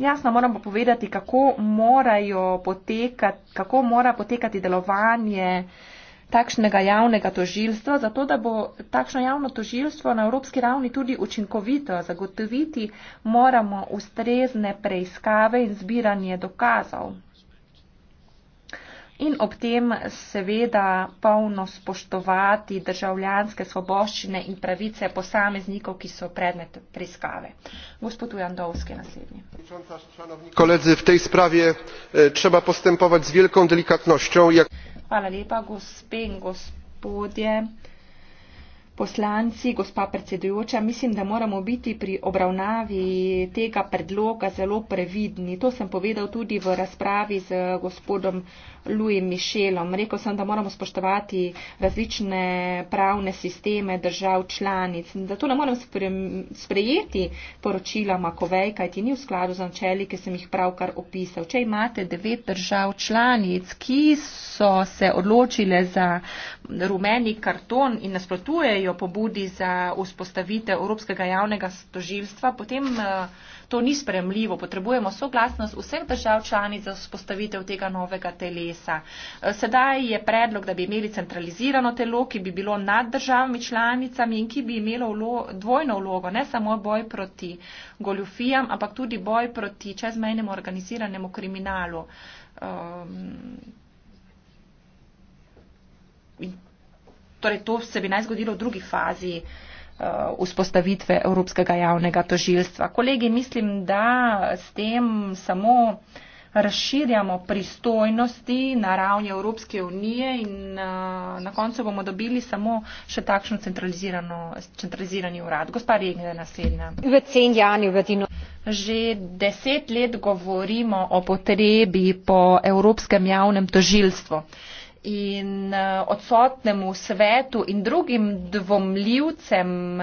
Jasno moram pa povedati, kako, potekati, kako mora potekati delovanje takšnega javnega tožilstva, zato da bo takšno javno tožilstvo na evropski ravni tudi učinkovito zagotoviti, moramo ustrezne preiskave in zbiranje dokazov. In ob tem seveda polno spoštovati državljanske svoboščine in pravice posameznikov, ki so predmet preiskave. Gospod Ujandovski, naslednji. Koledzi, v tej spravi e, treba postępovati z veliko delikatnostjo. Jak... Hvala lepa, gospe in gospodje poslanci, gospa predsedujoča, mislim, da moramo biti pri obravnavi tega predloga zelo previdni. To sem povedal tudi v razpravi z gospodom Louis Michelom. Rekl sem, da moramo spoštovati različne pravne sisteme držav članic. Zato ne moram sprejeti poročila Makovej, kaj ti ni v skladu z načeli, ki sem jih pravkar opisal. Če imate devet držav članic, ki so se odločile za rumeni karton in nasprotujejo pobudi za vzpostavitev Evropskega javnega tožilstva, potem eh, to ni spremljivo. Potrebujemo soglasnost vseh držav člani za vzpostavitev tega novega telesa. Eh, sedaj je predlog, da bi imeli centralizirano telo, ki bi bilo nad državami članicami in ki bi imelo dvojno vlogo, ne samo boj proti goljufijam, ampak tudi boj proti čezmejnemu organiziranemu kriminalu. Um, torej to se bi naj zgodilo v drugi fazi eh, vzpostavitve Evropskega javnega tožilstva. Kolegi, mislim, da s tem samo razširjamo pristojnosti na ravni Evropske unije in eh, na koncu bomo dobili samo še takšno centralizirani urad. Gospa Regne je naslednja. Že deset let govorimo o potrebi po Evropskem javnem tožilstvu in eh, odsotnemu svetu in drugim dvomljivcem,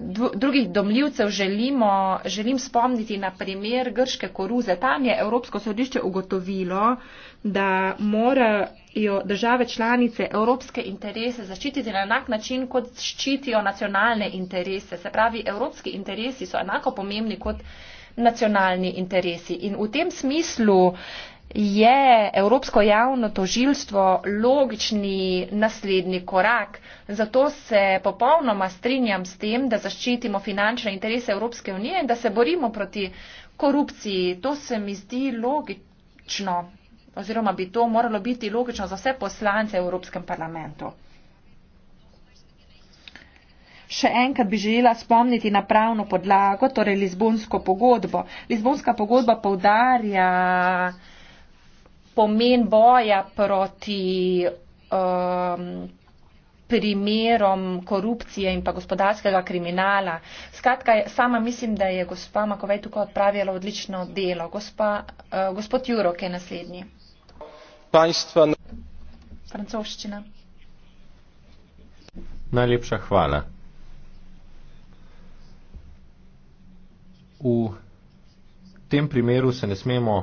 dv, drugih domljivcev želimo, želim spomniti na primer grške koruze. Tam je Evropsko sodišče ugotovilo, da morajo države članice evropske interese zaščititi na enak način, kot ščitijo nacionalne interese. Se pravi, evropski interesi so enako pomembni kot nacionalni interesi. In v tem smislu eh, je Evropsko javno tožilstvo logični naslednji korak. Zato se popolnoma strinjam s tem, da zaščitimo finančne interese Evropske unije in da se borimo proti korupciji. To se mi zdi logično oziroma bi to moralo biti logično za vse poslance v Evropskem parlamentu. Še enkrat bi želela spomniti na pravno podlago, torej Lizbonsko pogodbo. Lizbonska pogodba poudarja pomen boja proti um, primerom korupcije in pa gospodarskega kriminala. Skratka, sama mislim, da je gospa Makovej tukaj odpravila odlično delo. Gospa, uh, gospod Jurok je naslednji. Panjstva. No- Francoščina. Najlepša hvala. V tem primeru se ne smemo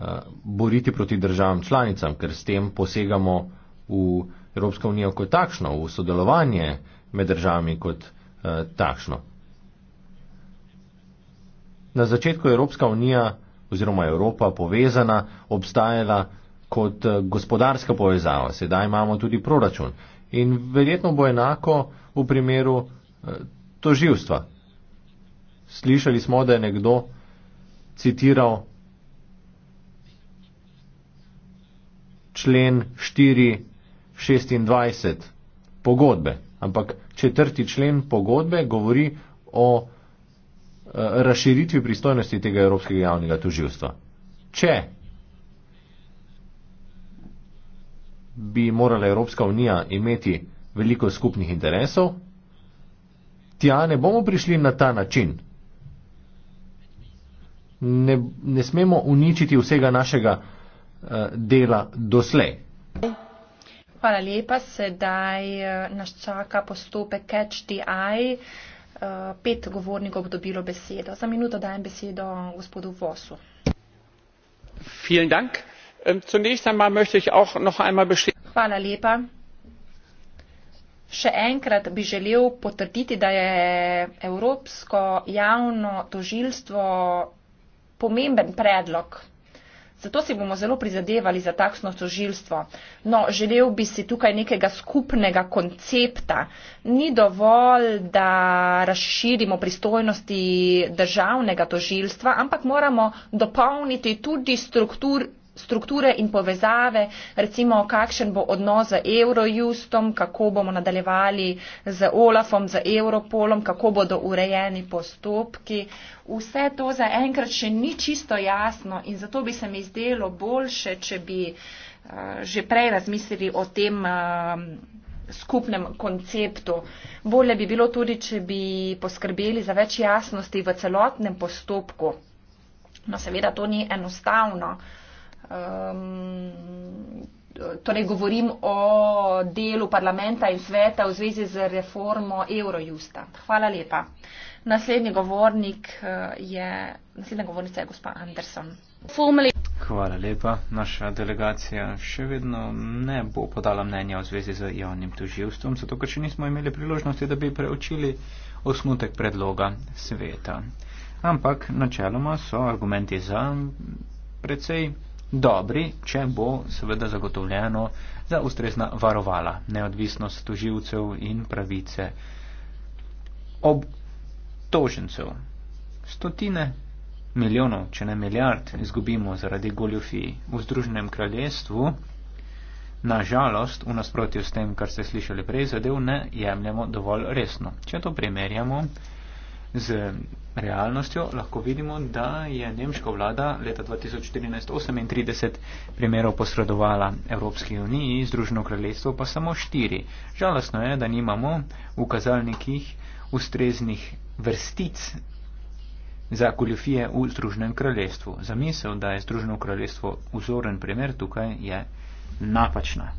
Eh, boriti proti državam članicam, ker s tem posegamo v Evropsko unijo kot takšno, v sodelovanje med državami kot eh, takšno. Na začetku je Evropska unija oziroma Evropa povezana, obstajala kot eh, gospodarska povezava, sedaj imamo tudi proračun. In verjetno bo enako v primeru toživstva. Slišali smo, da je nekdo citiral člen 426 pogodbe. Ampak četrti člen pogodbe govori o eh, razširitvi pristojnosti tega Evropskega javnega tuživstva. Če bi morala Evropska unija imeti veliko skupnih interesov, tja ne bomo prišli na ta način. Ne, ne smemo uničiti vsega našega Eh, dela doslej. Hvala lepa. Sedaj eh, nas čaka postopek Catch the Eye. Eh, pet govornikov bo dobilo besedo. Za minuto dajem besedo gospodu Vosu. Ähm, Hvala lepa. Še enkrat bi želel potrditi, da je Evropsko javno tožilstvo pomemben predlog Zato si bomo zelo prizadevali za takšno tožilstvo. No, želel bi si tukaj nekega skupnega koncepta. Ni dovolj, da razširimo pristojnosti državnega tožilstva, ampak moramo dopolniti tudi struktur strukture in povezave, recimo kakšen bo odnos z Eurojustom, kako bomo nadaljevali z Olafom, z Europolom, kako bodo urejeni postopki. Vse to zaenkrat še ni čisto jasno in zato bi se mi zdelo boljše, če bi eh, že prej razmislili o tem eh, skupnem konceptu. Bolje bi bilo tudi, če bi poskrbeli za več jasnosti v celotnem postopku. No, seveda to ni enostavno. Uh, Um, torej govorim o delu parlamenta in sveta v zvezi z reformo Eurojusta. Hvala lepa. Naslednji govornik eh, je, naslednja govornica je gospa Anderson. Hvala lepa. Naša delegacija še vedno ne bo podala mnenja v zvezi z javnim tuživstvom, zato ker še nismo imeli priložnosti, da bi preučili osnutek predloga sveta. Ampak načeloma so argumenti za precej dobri, če bo seveda zagotovljeno za ustrezna varovala, neodvisnost tuživcev in pravice obtožencev. Stotine milijonov, če ne milijard, izgubimo zaradi goljofij v Združenem kraljestvu. Na žalost, v nasprotju s tem, kar ste slišali prej, zadev ne jemljamo dovolj resno. Če to primerjamo, z realnostjo lahko vidimo, da je nemška vlada leta 2014 38 primerov posredovala Evropski uniji, Združeno kraljestvo pa samo štiri. Žalostno je, da nimamo v kazalnikih ustreznih vrstic za goljofije v Združenem kraljestvu. Zamisel, da je Združeno kraljestvo vzoren primer tukaj, je napačna.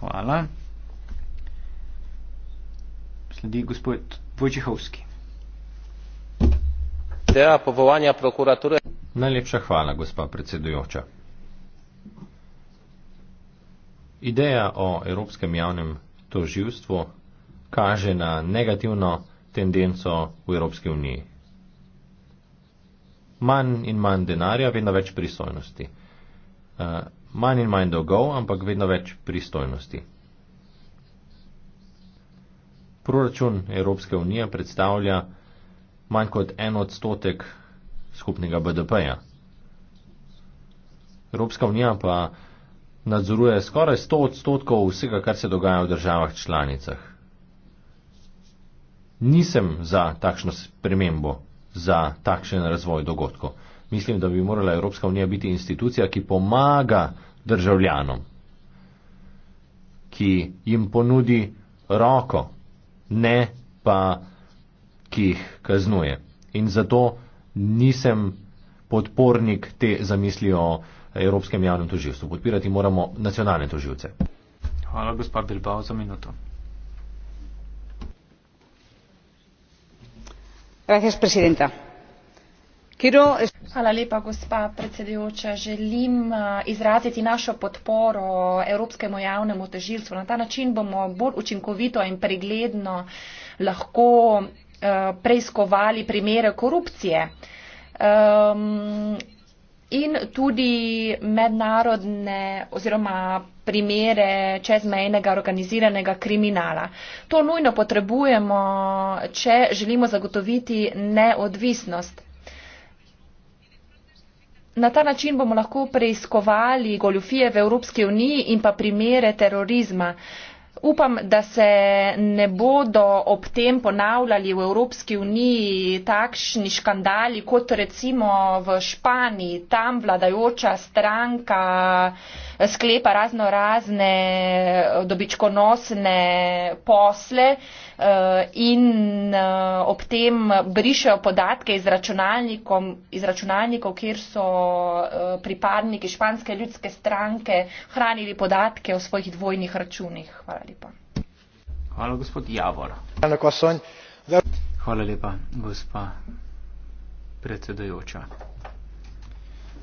Hvala. Sledi gospod Vojčehovski ideja povolanja prokurature. Najlepša hvala, gospa predsedujoča. Ideja o Evropskem javnem toživstvu kaže na negativno tendenco v Evropski uniji. Manj in manj denarja, vedno več pristojnosti. Eh, manj in manj dolgov, ampak vedno več pristojnosti. Proračun Evropske unije predstavlja manj kot en odstotek skupnega BDP-ja. Evropska unija pa nadzoruje skoraj 100 odstotkov vsega, kar se dogaja v državah članicah. Nisem za takšno spremembo, za takšen razvoj dogodkov. Mislim, da bi morala Evropska unija biti institucija, ki pomaga državljanom, ki jim ponudi roko, ne pa ki jih kaznuje. In zato nisem podpornik te zamisli o Evropskem javnem toživstvu. Podpirati moramo nacionalne toživce. Hvala, gospod Bilbao, za minuto. Gracias, presidenta. Quiero... Hvala lepa, gospa predsedujoča. Želim uh, izraziti našo podporo Evropskemu javnemu težilstvu. Na ta način bomo bolj učinkovito in pregledno lahko Eh, preiskovali primere korupcije. Um, in tudi mednarodne oziroma primere čezmejnega organiziranega kriminala. To nujno potrebujemo, če želimo zagotoviti neodvisnost. Na ta način bomo lahko preiskovali goljufije v Evropski uniji in pa primere terorizma. Uh, Upam, da se ne bodo ob tem ponavljali v Evropski uniji takšni škandali kot recimo v Španiji. Tam vladajoča stranka sklepa razno razne dobičkonosne posle eh, in eh, ob tem brišejo podatke iz računalnikov, iz računalnikov, kjer so eh, pripadniki Španske ljudske stranke hranili podatke o svojih dvojnih računih. Hvala lepa. Hvala, gospod Javor. Hvala lepa, gospa predsedajoča.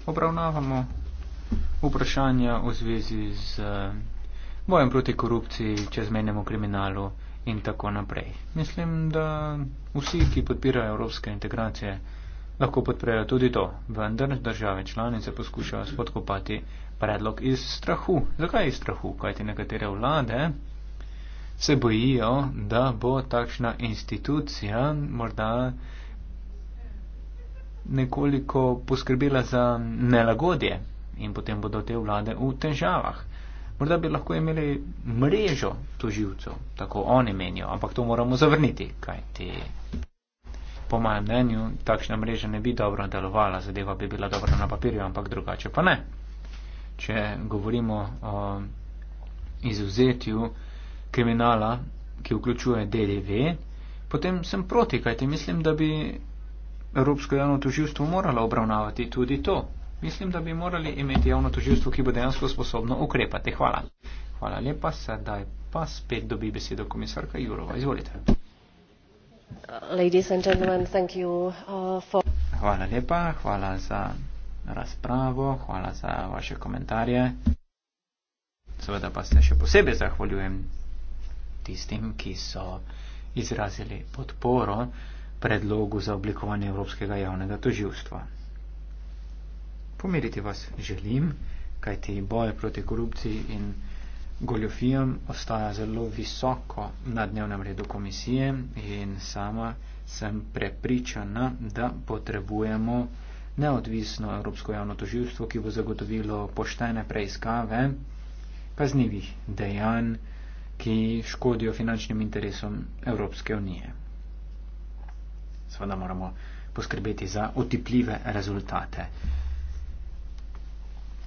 Obravnavamo vprašanja v zvezi z eh, bojem proti korupciji, čezmenjemu kriminalu in tako naprej. Mislim, da vsi, ki podpirajo evropske integracije, lahko podprejo tudi to, vendar države članice poskušajo spodkopati predlog iz strahu. Zakaj iz strahu? Kajti nekatere vlade se bojijo, da bo takšna institucija morda nekoliko poskrbela za nelagodje in potem bodo te vlade v težavah. Morda bi lahko imeli mrežo toživcev, tako oni menijo, ampak to moramo zavrniti, kaj ti. Po mojem mnenju, takšna mreža ne bi dobro delovala, zadeva bi bila dobra na papirju, ampak drugače pa ne. Če govorimo o izuzetju, kriminala, ki vključuje DDV, potem sem proti, kajte mislim, da bi Evropsko javno toživstvo moralo obravnavati tudi to. Mislim, da bi morali imeti javno toživstvo, ki bo dejansko sposobno ukrepati. Hvala. Hvala lepa, sedaj pa spet dobi besedo komisarka Jurova. Izvolite. Uh, hvala lepa, hvala za razpravo, hvala za vaše komentarje. Seveda pa se še posebej zahvaljujem tistim, ki so izrazili podporo predlogu za oblikovanje Evropskega javnega toživstva. Pomiriti vas želim, kajti boj proti korupciji in goljofijam ostaja zelo visoko na dnevnem redu komisije in sama sem prepričana, da potrebujemo neodvisno Evropsko javno toživstvo, ki bo zagotovilo poštene preiskave kaznivih dejanj, ki škodijo finančnim interesom Evropske unije. Sveda moramo poskrbeti za otipljive rezultate.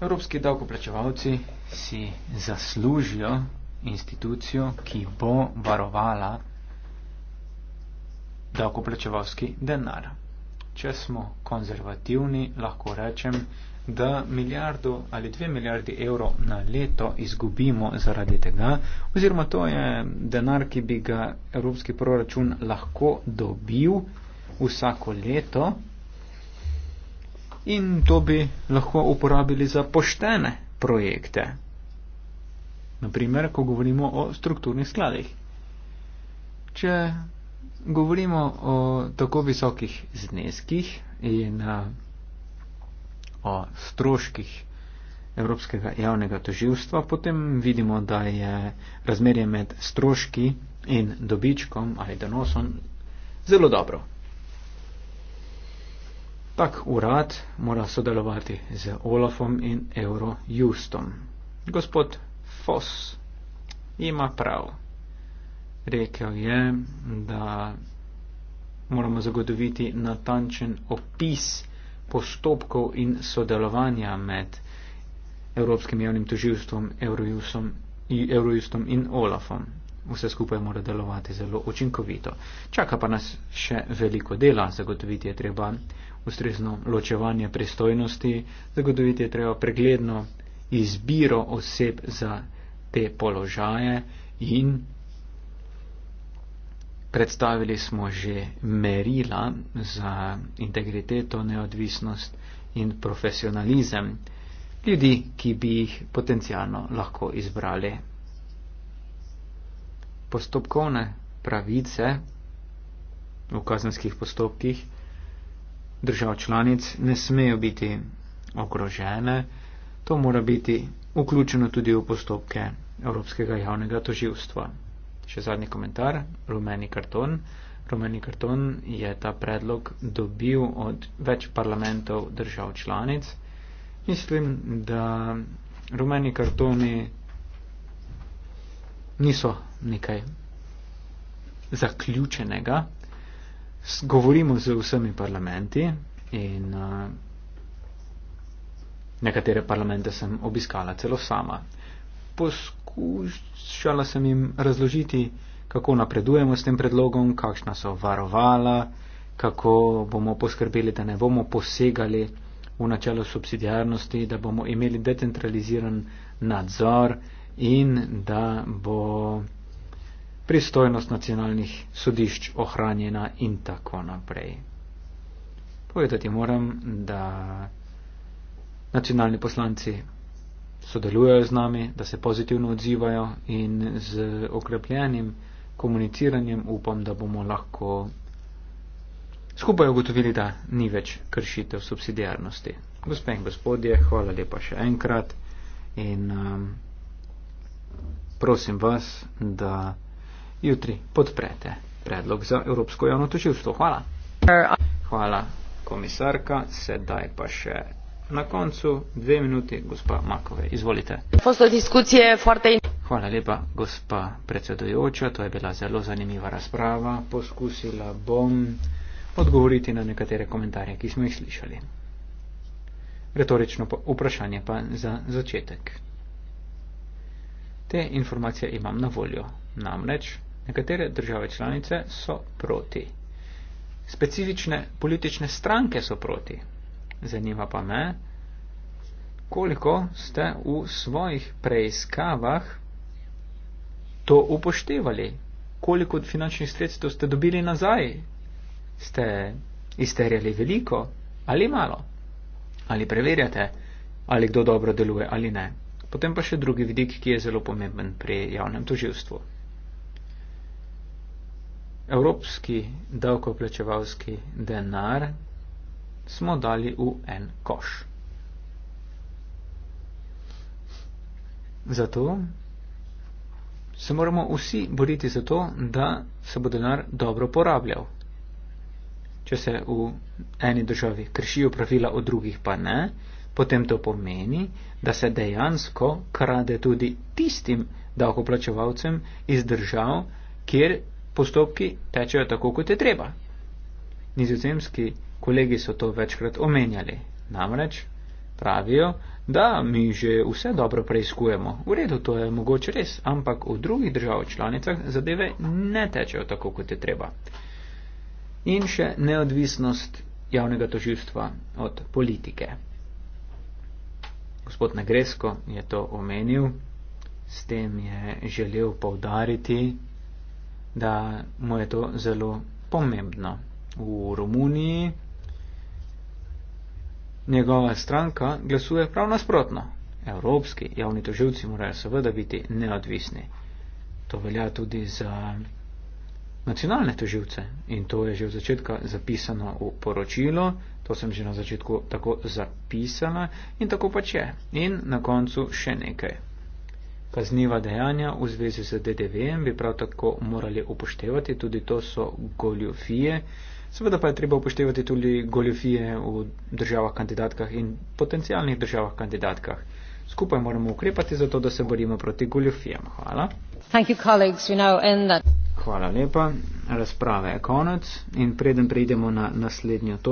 Evropski davkoplačevalci si zaslužijo institucijo, ki bo varovala davkoplačevalski denar. Če smo konzervativni, lahko rečem, da da milijardo ali dve milijardi evrov na leto izgubimo zaradi tega, oziroma to je denar, ki bi ga evropski proračun lahko dobil vsako leto in to bi lahko uporabili za poštene projekte. Naprimer, ko govorimo o strukturnih skladih. Če govorimo o tako visokih zneskih in na. Uh, o stroških Evropskega javnega toživstva, potem vidimo, da je razmerje med stroški in dobičkom ali donosom zelo dobro. Tak urad mora sodelovati z Olafom in Eurojustom. Gospod Foss ima prav. Rekel je, da moramo zagotoviti natančen opis postopkov in sodelovanja med Evropskim javnim toživstvom, Eurojustom in Olafom. Vse skupaj mora delovati zelo učinkovito. Čaka pa nas še veliko dela. Zagotoviti je treba ustrezno ločevanje pristojnosti, zagotoviti je treba pregledno izbiro oseb za te položaje in Predstavili smo že merila za integriteto, neodvisnost in profesionalizem ljudi, ki bi jih potencijalno lahko izbrali. Postopkovne pravice v kazenskih postopkih držav članic ne smejo biti ogrožene, to mora biti vključeno tudi v postopke Evropskega javnega toživstva še zadnji komentar, rumeni karton. Rumeni karton je ta predlog dobil od več parlamentov držav članic. Mislim, da rumeni kartoni niso nekaj zaključenega. Govorimo z vsemi parlamenti in uh, nekatere parlamente sem obiskala celo sama poskušala sem jim razložiti, kako napredujemo s tem predlogom, kakšna so varovala, kako bomo poskrbeli, da ne bomo posegali v načelo subsidijarnosti, da bomo imeli decentraliziran nadzor in da bo pristojnost nacionalnih sodišč ohranjena in tako naprej. Povedati moram, da nacionalni poslanci sodelujejo z nami, da se pozitivno odzivajo in z okrepljenim komuniciranjem upam, da bomo lahko skupaj ugotovili, da ni več kršitev subsidijarnosti. Gospe in gospodje, hvala lepa še enkrat in um, prosim vas, da jutri podprete predlog za Evropsko javno toživstvo. Hvala. Hvala, komisarka. Sedaj pa še. Na koncu dve minuti, gospa Makove, izvolite. Hvala lepa, gospa predsedujoča, to je bila zelo zanimiva razprava. Poskusila bom odgovoriti na nekatere komentarje, ki smo jih slišali. Retorično vprašanje pa za začetek. Te informacije imam na voljo. Namreč, nekatere države članice so proti. Specifične politične stranke so proti zanima pa me, koliko ste v svojih preiskavah to upoštevali, koliko finančnih sredstev ste dobili nazaj, ste izterjali veliko ali malo, ali preverjate, ali kdo dobro deluje ali ne. Potem pa še drugi vidik, ki je zelo pomemben pri javnem toživstvu. Evropski davkoplačevalski denar smo dali v en koš. Zato se moramo vsi boriti za to, da se bo denar dobro porabljal. Če se v eni državi kršijo pravila, v drugih pa ne, potem to pomeni, da se dejansko krade tudi tistim davkoplačevalcem iz držav, kjer postopki tečejo tako, kot je treba. Nizozemski Kolegi so to večkrat omenjali. Namreč pravijo, da mi že vse dobro preizkujemo. V redu, to je mogoče res, ampak v drugih državah članicah zadeve ne tečejo tako, kot je treba. In še neodvisnost javnega toživstva od politike. Gospod Negresko je to omenil, s tem je želel povdariti, da mu je to zelo pomembno. V Romuniji njegova stranka glasuje prav nasprotno. Evropski javni toživci morajo seveda biti neodvisni. To velja tudi za nacionalne toživce in to je že od začetka zapisano v poročilo, to sem že na začetku tako zapisala in tako pač je. In na koncu še nekaj. Kazniva dejanja v zvezi z DDV bi prav tako morali upoštevati, tudi to so goljofije, Seveda pa je treba upoštevati tudi goljofije v državah kandidatkah in potencijalnih državah kandidatkah. Skupaj moramo ukrepati zato, da se borimo proti goljofijam. Hvala. You, Hvala lepa. Razprave je konec in preden prejdemo na naslednjo točko.